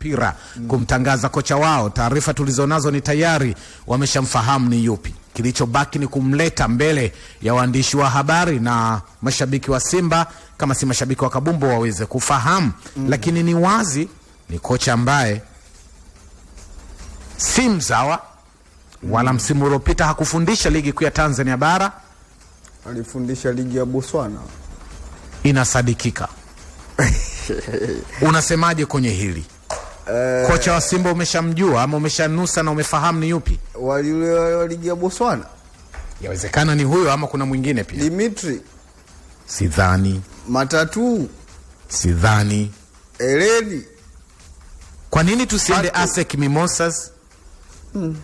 mpira mm. kumtangaza kocha wao. Taarifa tulizonazo ni tayari wameshamfahamu ni yupi. Kilichobaki ni kumleta mbele ya waandishi wa habari na mashabiki wa Simba, kama si mashabiki wa Kabumbu waweze kufahamu mm. Lakini ni wazi ni kocha ambaye si mzawa mm. wala msimu uliopita hakufundisha ligi kuu ya Tanzania bara, alifundisha ligi ya Botswana inasadikika. Unasemaje kwenye hili? eh, kocha wa Simba umeshamjua ama umeshanusa na umefahamu ni yupi? Wale wa ligi ya Botswana yawezekana ni huyo ama kuna mwingine pia. Dimitri sidhani, Matatu sidhani, Eledi. Kwa nini tusiende ASEC Mimosas? hmm.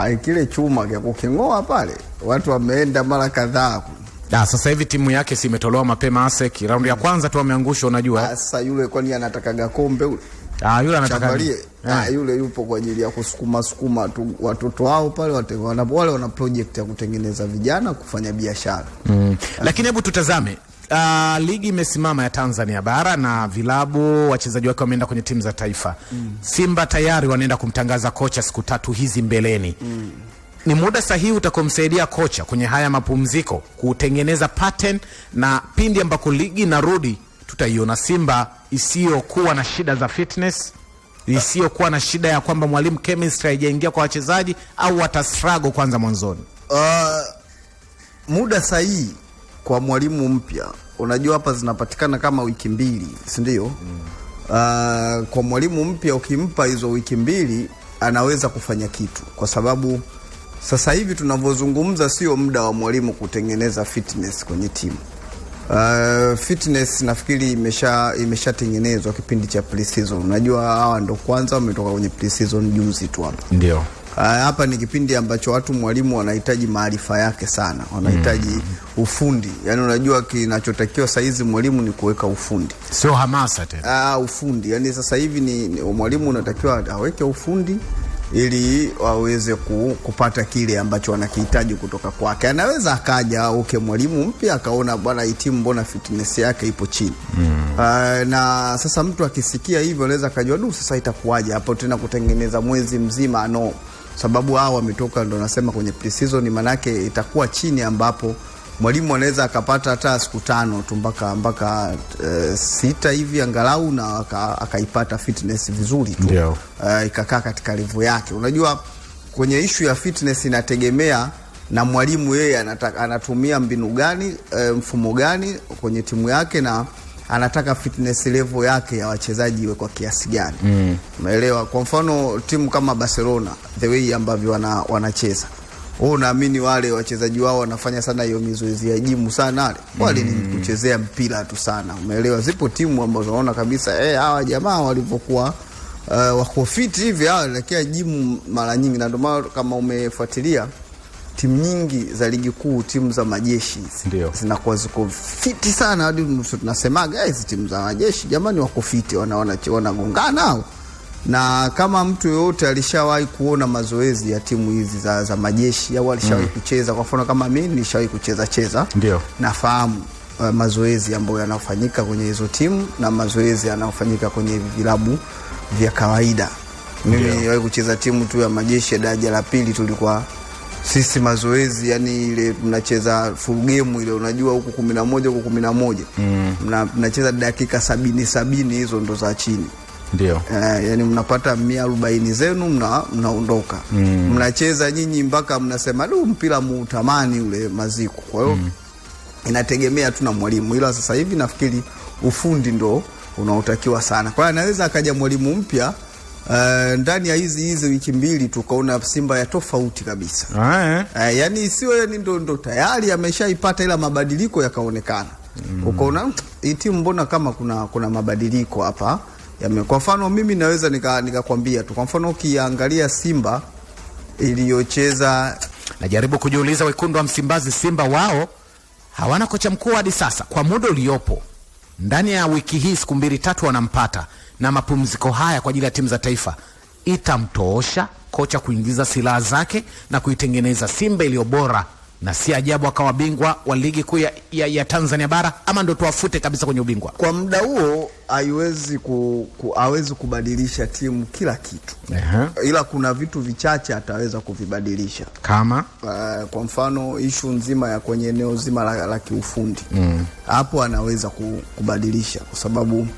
Ai, kile chuma kia kukingoa pale watu wameenda mara kadhaa. Da, sasa hivi timu yake si imetolewa mapema ASEC, raundi ya kwanza tu ameangushwa, unajua. Sasa yule kwani anataka gakombe ule? Ah, yule anataka eh. ah, yule yupo kwa ajili ya kusukuma sukuma tu watoto wao pale wale wana project ya kutengeneza vijana kufanya biashara mm. Lakini hebu tutazame Uh, ligi imesimama ya Tanzania bara na vilabu wachezaji wake wameenda kwenye timu za taifa mm. Simba tayari wanaenda kumtangaza kocha siku tatu hizi mbeleni mm. Ni muda sahihi utakomsaidia kocha kwenye haya mapumziko kutengeneza pattern na pindi ambako ligi inarudi tutaiona Simba isiyokuwa na shida za fitness, isiyokuwa na shida ya kwamba mwalimu chemistry haijaingia kwa wachezaji au watasrago kwanza mwanzoni. Uh, muda sahihi kwa mwalimu mpya, unajua hapa zinapatikana kama wiki mbili, si Mm. Uh, kwa mwalimu mpya ukimpa hizo wiki mbili anaweza kufanya kitu, kwa sababu sasa hivi tunavyozungumza sio muda wa mwalimu kutengeneza fitness kwenye timu. Uh, fitness nafikiri imesha imeshatengenezwa kipindi cha pre-season. Unajua hawa ndo kwanza wametoka kwenye pre-season juzi tu hapa. Ndio. Uh, hapa ni kipindi ambacho watu mwalimu wanahitaji maarifa yake sana, wanahitaji mm. ufundi. Yaani unajua kinachotakiwa sasa hizi mwalimu ni kuweka ufundi, sio hamasa tena. uh, ufundi. Yaani sasa hivi ni, ni mwalimu unatakiwa aweke ufundi ili waweze ku, kupata kile ambacho wanakihitaji kutoka kwake. Anaweza akaja uke mwalimu mpya akaona bwana itimu, mbona fitness yake ipo chini mm. Uh, na sasa mtu akisikia hivyo anaweza akajua du, sasa itakuwaje hapo tena kutengeneza mwezi mzima no, sababu hao wametoka ndo nasema kwenye pre-season, maanake itakuwa chini ambapo mwalimu anaweza akapata hata siku tano tu mpaka mpaka e, sita hivi angalau na akaipata fitness vizuri tu e, ikakaa katika levo yake. Unajua, kwenye ishu ya fitness inategemea na mwalimu yeye anatumia mbinu gani, e, mfumo gani kwenye timu yake na anataka fitness level yake ya wachezaji iwe kwa kiasi gani? Mm. Umeelewa? Mm. Kwa mfano timu kama Barcelona the way ambavyo wanacheza wewe unaamini wale wachezaji wao wanafanya sana hiyo mizoezi ya jimu sana wale, mm. ni kuchezea mpira tu sana, umeelewa? Zipo timu ambazo unaona kabisa eh, hawa jamaa walivyokuwa uh, wako fit hivi hawa lakini jimu mara nyingi, na ndio maana kama umefuatilia timu nyingi za ligi kuu, timu za majeshi zinakuwa ziko fiti sana, hadi tunasemaga eh, hizi timu za majeshi jamani, wako fiti, wanaona wanagongana hao na kama mtu yoyote alishawahi kuona mazoezi ya timu hizi za, za majeshi au alishawahi mm. kucheza, kwa mfano kama mimi nilishawahi kucheza cheza, ndio nafahamu uh, mazoezi ambayo yanafanyika kwenye hizo timu na mazoezi yanayofanyika kwenye vilabu vya kawaida. Mimi niliwahi kucheza timu tu ya majeshi ya daraja la pili, tulikuwa sisi mazoezi yani ile mnacheza full game ile, unajua huku kumi na moja huku kumi na moja mm. mnacheza dakika sabini sabini, hizo ndo za chini ndio eh, yani mnapata mia arobaini zenu mnaondoka, mna mm. mnacheza nyinyi mpaka mnasema du mpira muutamani ule maziko. Kwa hiyo mm. inategemea tu na mwalimu, ila sasa hivi nafikiri ufundi ndo unaotakiwa sana. Kwa hiyo anaweza akaja mwalimu mpya Uh, ndani ya hizi hizi wiki mbili tukaona Simba ya tofauti kabisa. Uh, yani sio ni ndo, ndo tayari ameshaipata ila mabadiliko yakaonekana mm. Ukaona hm, hii timu mbona kama kuna, kuna mabadiliko hapa yame. Yaani, kwa mfano mimi naweza nikakwambia nika tu, kwa mfano ukiangalia Simba iliyocheza, najaribu kujiuliza wekundu wa Msimbazi Simba wao hawana kocha mkuu hadi sasa kwa muda uliopo ndani ya wiki hii siku mbili tatu wanampata na mapumziko haya kwa ajili ya timu za taifa itamtoosha kocha kuingiza silaha zake na kuitengeneza Simba iliyo bora na si ajabu akawa bingwa wa ligi kuu ya, ya, ya Tanzania bara, ama ndo tuwafute kabisa kwenye ubingwa. Kwa muda huo haiwezi ku, ku, awezi kubadilisha timu kila kitu uh-huh. Ila kuna vitu vichache ataweza kuvibadilisha kama uh, kwa mfano ishu nzima ya kwenye eneo zima la, la kiufundi mm. hapo mm. Anaweza kubadilisha kwa sababu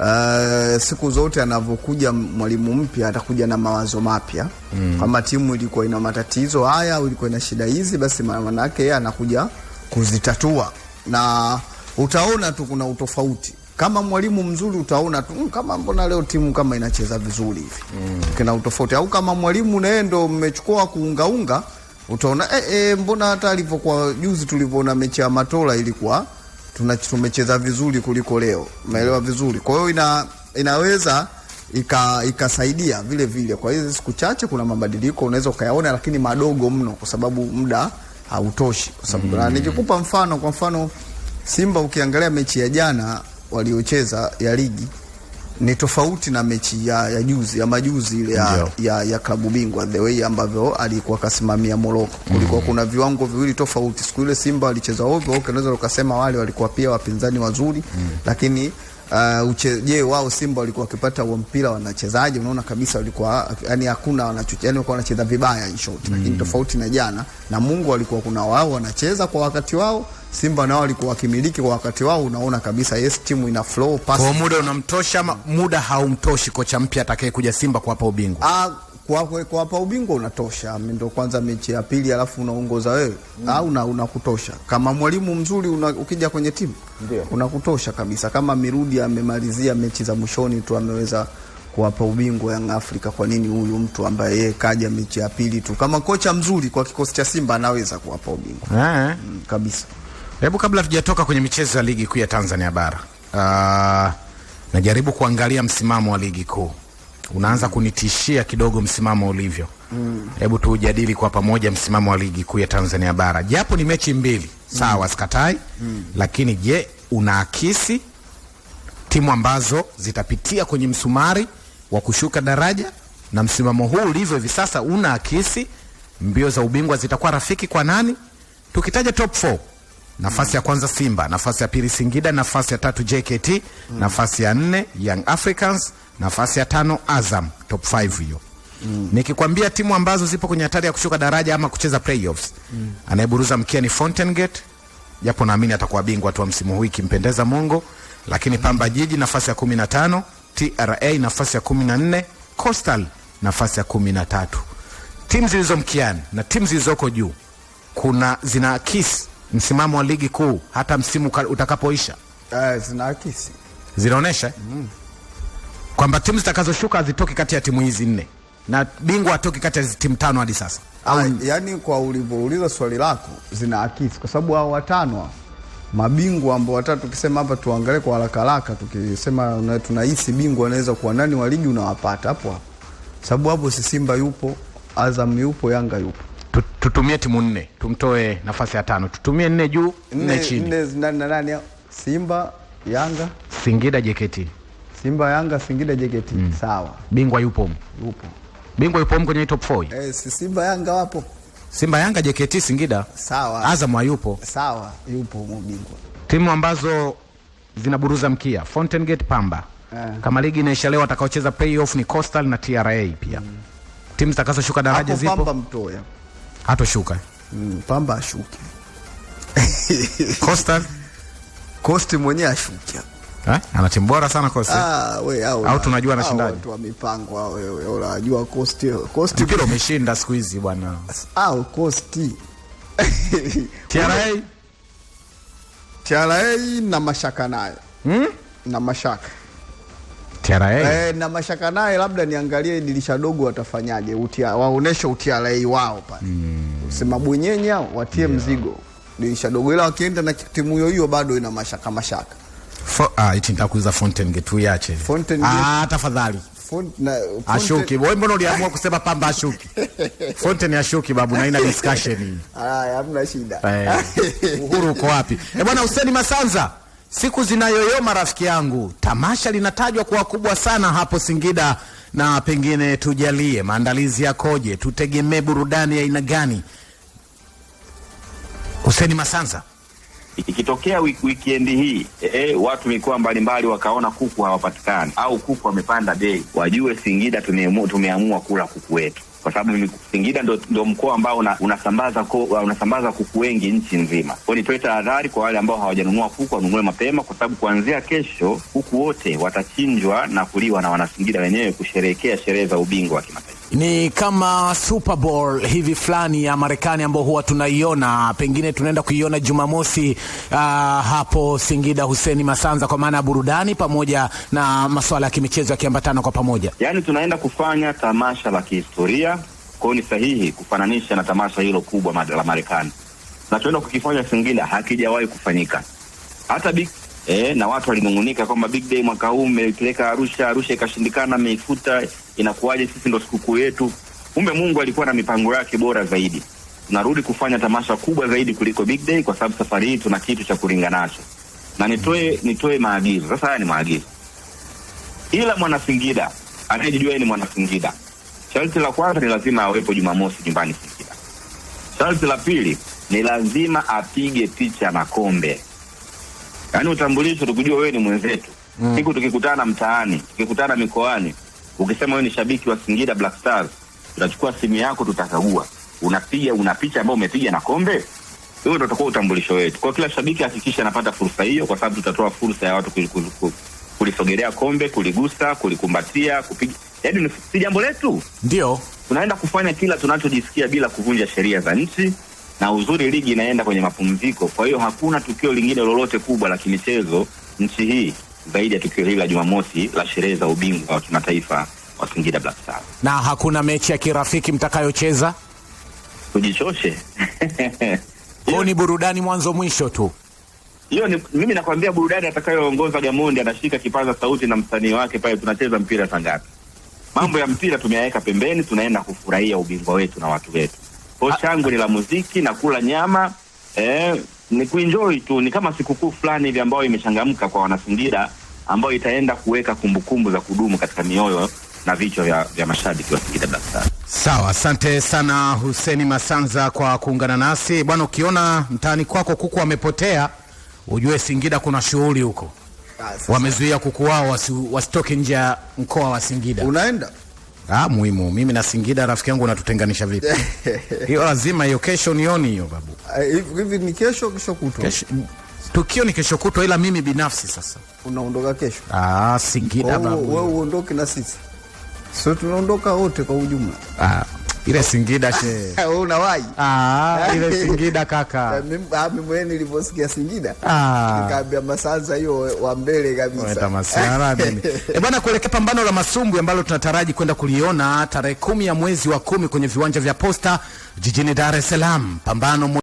Uh, siku zote anavyokuja mwalimu mpya atakuja na mawazo mapya mm. Kama timu ilikuwa ina matatizo haya au ilikuwa ina shida hizi, basi maana yeye anakuja kuzitatua, na utaona tu kuna utofauti. Kama mwalimu mzuri utaona tu mm, kama mbona leo timu kama inacheza vizuri hivi mm. Kuna utofauti, au kama mwalimu naye ndo mmechukua kuungaunga, utaona eh, eh, mbona hata alivyokuwa juzi tulivyoona mechi ya Matola ilikuwa tumecheza vizuri kuliko leo, umeelewa vizuri. Kwa hiyo ina, inaweza ikasaidia vile vile. Kwa hiyo siku chache kuna mabadiliko unaweza ukayaona, lakini madogo mno, kwa sababu muda hautoshi, kwa sababu mm. Nikikupa mfano, kwa mfano Simba ukiangalia mechi ya jana waliocheza ya ligi ni tofauti na mechi ya, ya juzi ya majuzi ile ya, ya, ya klabu bingwa the way ambavyo alikuwa kasimamia moroko mm. Kulikuwa kuna viwango viwili tofauti. Siku ile Simba alicheza ovyo, unaweza ukasema wale walikuwa pia wapinzani wazuri mm. Lakini uh, je, wao Simba walikuwa wakipata huo mpira wanachezaje? Unaona kabisa walikuwa yani hakuna wanachochea, yani walikuwa wanacheza vibaya in short mm. Lakini tofauti na jana na Mungu walikuwa kuna wao wanacheza kwa wakati wao Simba nao walikuwa wakimiliki kwa wakati wao, unaona kabisa yes, timu ina flow pass. Kwa muda unamtosha ama muda haumtoshi kocha mpya atakayekuja Simba kuwapa ubingwa? Ah, kuwapa ubingwa unatosha, ndio kwanza mechi ya pili alafu unaongoza wewe mm. au ah, una, unakutosha kama mwalimu mzuri una, ukija kwenye timu unakutosha kabisa, kama Mirudi amemalizia mechi za mwishoni tu ameweza kuwapa ubingwa Young afrika Kwa nini huyu mtu ambaye yeye kaja mechi ya pili tu? Kama kocha mzuri kwa kikosi cha Simba anaweza kuwapa ubingwa ah, eh. mm, kabisa. Hebu kabla tujatoka kwenye michezo ya ligi kuu ya Tanzania bara, uh, najaribu kuangalia msimamo wa ligi kuu unaanza kunitishia kidogo msimamo ulivyo. Mm. Hebu mm. tuujadili kwa pamoja msimamo wa ligi kuu ya Tanzania bara, japo ni mechi mbili sawa, mm. sikatai mm. lakini je, unaakisi timu ambazo zitapitia kwenye msumari wa kushuka daraja na msimamo huu ulivyo hivi sasa unaakisi mbio za ubingwa zitakuwa rafiki kwa nani? Tukitaja top 4 nafasi ya kwanza Simba, nafasi ya pili Singida, nafasi ya tatu JKT mm. nafasi ya nne Young Africans, nafasi ya tano Azam. Top 5 hiyo mm. nikikwambia timu ambazo zipo kwenye hatari ya kushuka daraja ama kucheza playoffs mm. anayeburuza mkia ni Fountain Gate, japo naamini atakuwa bingwa tu wa msimu huu ikimpendeza Mungu, lakini mm. Pamba Jiji nafasi ya 15, TRA nafasi ya 14, Coastal nafasi ya 13. Timu zilizo mkiani na timu zilizoko juu kuna zina zinaakisi msimamo wa ligi kuu hata msimu utakapoisha? Uh, eh, zinaakisi, zinaonesha mm, kwamba timu zitakazoshuka hazitoki kati ya timu hizi nne na bingwa hatoki kati ya timu tano hadi sasa. Ah, Au yani, kwa ulivyouliza swali lako, zinaakisi kwa sababu hao watano mabingwa ambao watatu, tukisema hapa, tuangalie kwa haraka haraka, tukisema tunahisi bingwa anaweza kuwa nani wa ligi, unawapata hapo hapo, sababu hapo si Simba yupo, Azam yupo, Yanga yupo tutumie timu nne, tumtoe nafasi ya tano, tutumie nne juu nne chini. Nne nani na nani? Simba, Yanga, Singida, JKT. Simba, Yanga, Singida, JKT. Mm. Sawa. Bingwa yupo? Yupo. Bingwa yupo kwenye top 4? Eh, si Simba, Yanga wapo. Simba, Yanga, JKT, Singida. Sawa. Azam hayupo. Sawa, yupo bingwa. Timu ambazo zinaburuza mkia Fountain Gate, Pamba. Eh. Kama ligi inaisha leo atakaocheza playoff ni Coastal na TRA pia. Mm. Timu zitakazoshuka daraja zipo. Pamba mtoya. Hatoshuka. Mm, Pamba ashuke. Costa Costa mwenyewe ashuke. Eh? Ana timu bora sana Costa. Ah, we au. Au tunajua anashindaje? Watu wa mipango hao wewe. Unajua Costa. Costa kile umeshinda siku hizi bwana. Au Costa. TRA. TRA na mashaka naye Hmm? Na mashaka. TRA. Eh, na mashaka naye, labda niangalie dirisha dogo watafanyaje, utia, waoneshe lei wao pale mm. Sema bwenyenya watie yeah. mzigo dirisha dogo, ila wakienda na timu hiyo hiyo bado ina mashaka mashaka. Fo, ah, iti Nitakuuliza Fountain Gate uiache ah, tafadhali Ashuki wewe, mbona uliamua kusema pamba ashuki? Fountain ashuki babu, na ina discussion hii. Ah, hamna shida. Eh. Uhuru uko wapi? Eh bwana Hussein Masanza Siku zinayoyoma rafiki yangu, tamasha linatajwa kuwa kubwa sana hapo Singida, na pengine tujalie maandalizi yakoje, tutegemee burudani ya aina gani? Huseni Masanza, ikitokea wikendi hii eh, watu mikoa mbalimbali wakaona kuku hawapatikani au kuku wamepanda bei, wajue Singida tumeamua kula kuku wetu kwa sababu Singida ndo, ndo mkoa ambao una, unasambaza, ko, unasambaza kuku wengi nchi nzima. Kwa nitoe tahadhari kwa wale ambao hawajanunua kuku wanunue mapema, kwa sababu kuanzia kesho kuku wote watachinjwa na kuliwa na Wanasingida wenyewe kusherehekea sherehe za ubingwa wa kimataifa ni kama Super Bowl hivi fulani ya Marekani ambayo huwa tunaiona, pengine tunaenda kuiona Jumamosi uh, hapo Singida Huseni Masanza, kwa maana ya burudani pamoja na masuala ya kimichezo yakiambatana kwa pamoja, yaani tunaenda kufanya tamasha la kihistoria. Kwa hiyo ni sahihi kufananisha na tamasha hilo kubwa la Marekani. Tunachoenda kukifanya Singida hakijawahi kufanyika hata big eh, na watu walinung'unika kwamba big day mwaka huu mmepeleka Arusha, Arusha ikashindikana, mmeifuta inakuwaje sisi ndo sikukuu yetu? Kumbe Mungu alikuwa na mipango yake bora zaidi. Tunarudi kufanya tamasha kubwa zaidi kuliko Big Day kwa sababu safari hii tuna kitu cha kuringa nacho, na nitoe nitoe maagizo sasa. Haya ni maagizo, ila mwanasingida anayejijua yeye ni mwanasingida, sharti la kwanza ni lazima awepo Jumamosi nyumbani Singida. Sharti la pili ni lazima apige picha na kombe, yaani utambulisho tukujua wewe ni mwenzetu. Mm. Siku mm. tukikutana mtaani, tukikutana mikoani Ukisema wewe ni shabiki wa Singida Black Stars, tutachukua simu yako, tutakagua unapiga una picha ambayo umepiga na kombe. Huo ndio utakuwa utambulisho wetu. Kwa kila shabiki hakikisha anapata fursa hiyo, kwa sababu tutatoa fursa ya watu kulisogelea kombe, kuligusa, kulikumbatia, kupiga. Yaani si jambo letu, ndio tunaenda kufanya kila tunachojisikia bila kuvunja sheria za nchi, na uzuri ligi inaenda kwenye mapumziko. Kwa hiyo hakuna tukio lingine lolote kubwa la kimichezo nchi hii zaidi ya tukio hili la Jumamosi la sherehe za ubingwa wa kimataifa wa Singida Black Stars. Na hakuna mechi ya kirafiki mtakayocheza? Tujichoshe. Hiyo ni burudani mwanzo mwisho tu. Hiyo ni mimi nakwambia burudani atakayoongoza Gamondi anashika kipaza sauti na msanii wake pale tunacheza mpira saa ngapi? Mambo ya mpira tumeyaweka pembeni tunaenda kufurahia ubingwa wetu na watu wetu. Kwa ah, changu ni la muziki na kula nyama eh, ni kuenjoy tu, ni kama sikukuu fulani hivi ambayo imechangamka kwa Wanasingida, ambayo itaenda kuweka kumbukumbu za kudumu katika mioyo na vichwa vya, vya mashabiki wa Singida Black Stars. Sawa, asante sana Huseni Masanza kwa kuungana nasi bwana. Ukiona mtaani kwako kuku wamepotea, ujue Singida kuna shughuli huko, wamezuia kuku wao wasitoke nje ya mkoa wa Singida. Unaenda Ah, muhimu. Mimi na Singida rafiki yangu unatutenganisha vipi? Hiyo lazima hiyo kesho nioni hiyo babu. Ah, hivi ni kesho kesho kutwa. Tukio ni kesho kutwa ila mimi binafsi sasa. Unaondoka kesho? Ah, Singida oh, babu. Wewe uondoke na sisi. Sio tunaondoka wote kwa ujumla. Ah. Ile Singida she. Wewe eh, unawahi? Ah, ile Singida kaka. Eh, ah, mimi mwenyewe niliposikia Singida ah. nikaambia masanza hiyo wa mbele kabisa. Weta masiara mimi. Eh, bwana kuelekea pambano la masumbwi ambalo tunataraji kwenda kuliona tarehe kumi ya mwezi wa kumi kwenye viwanja vya Posta jijini Dar es Salaam. Pambano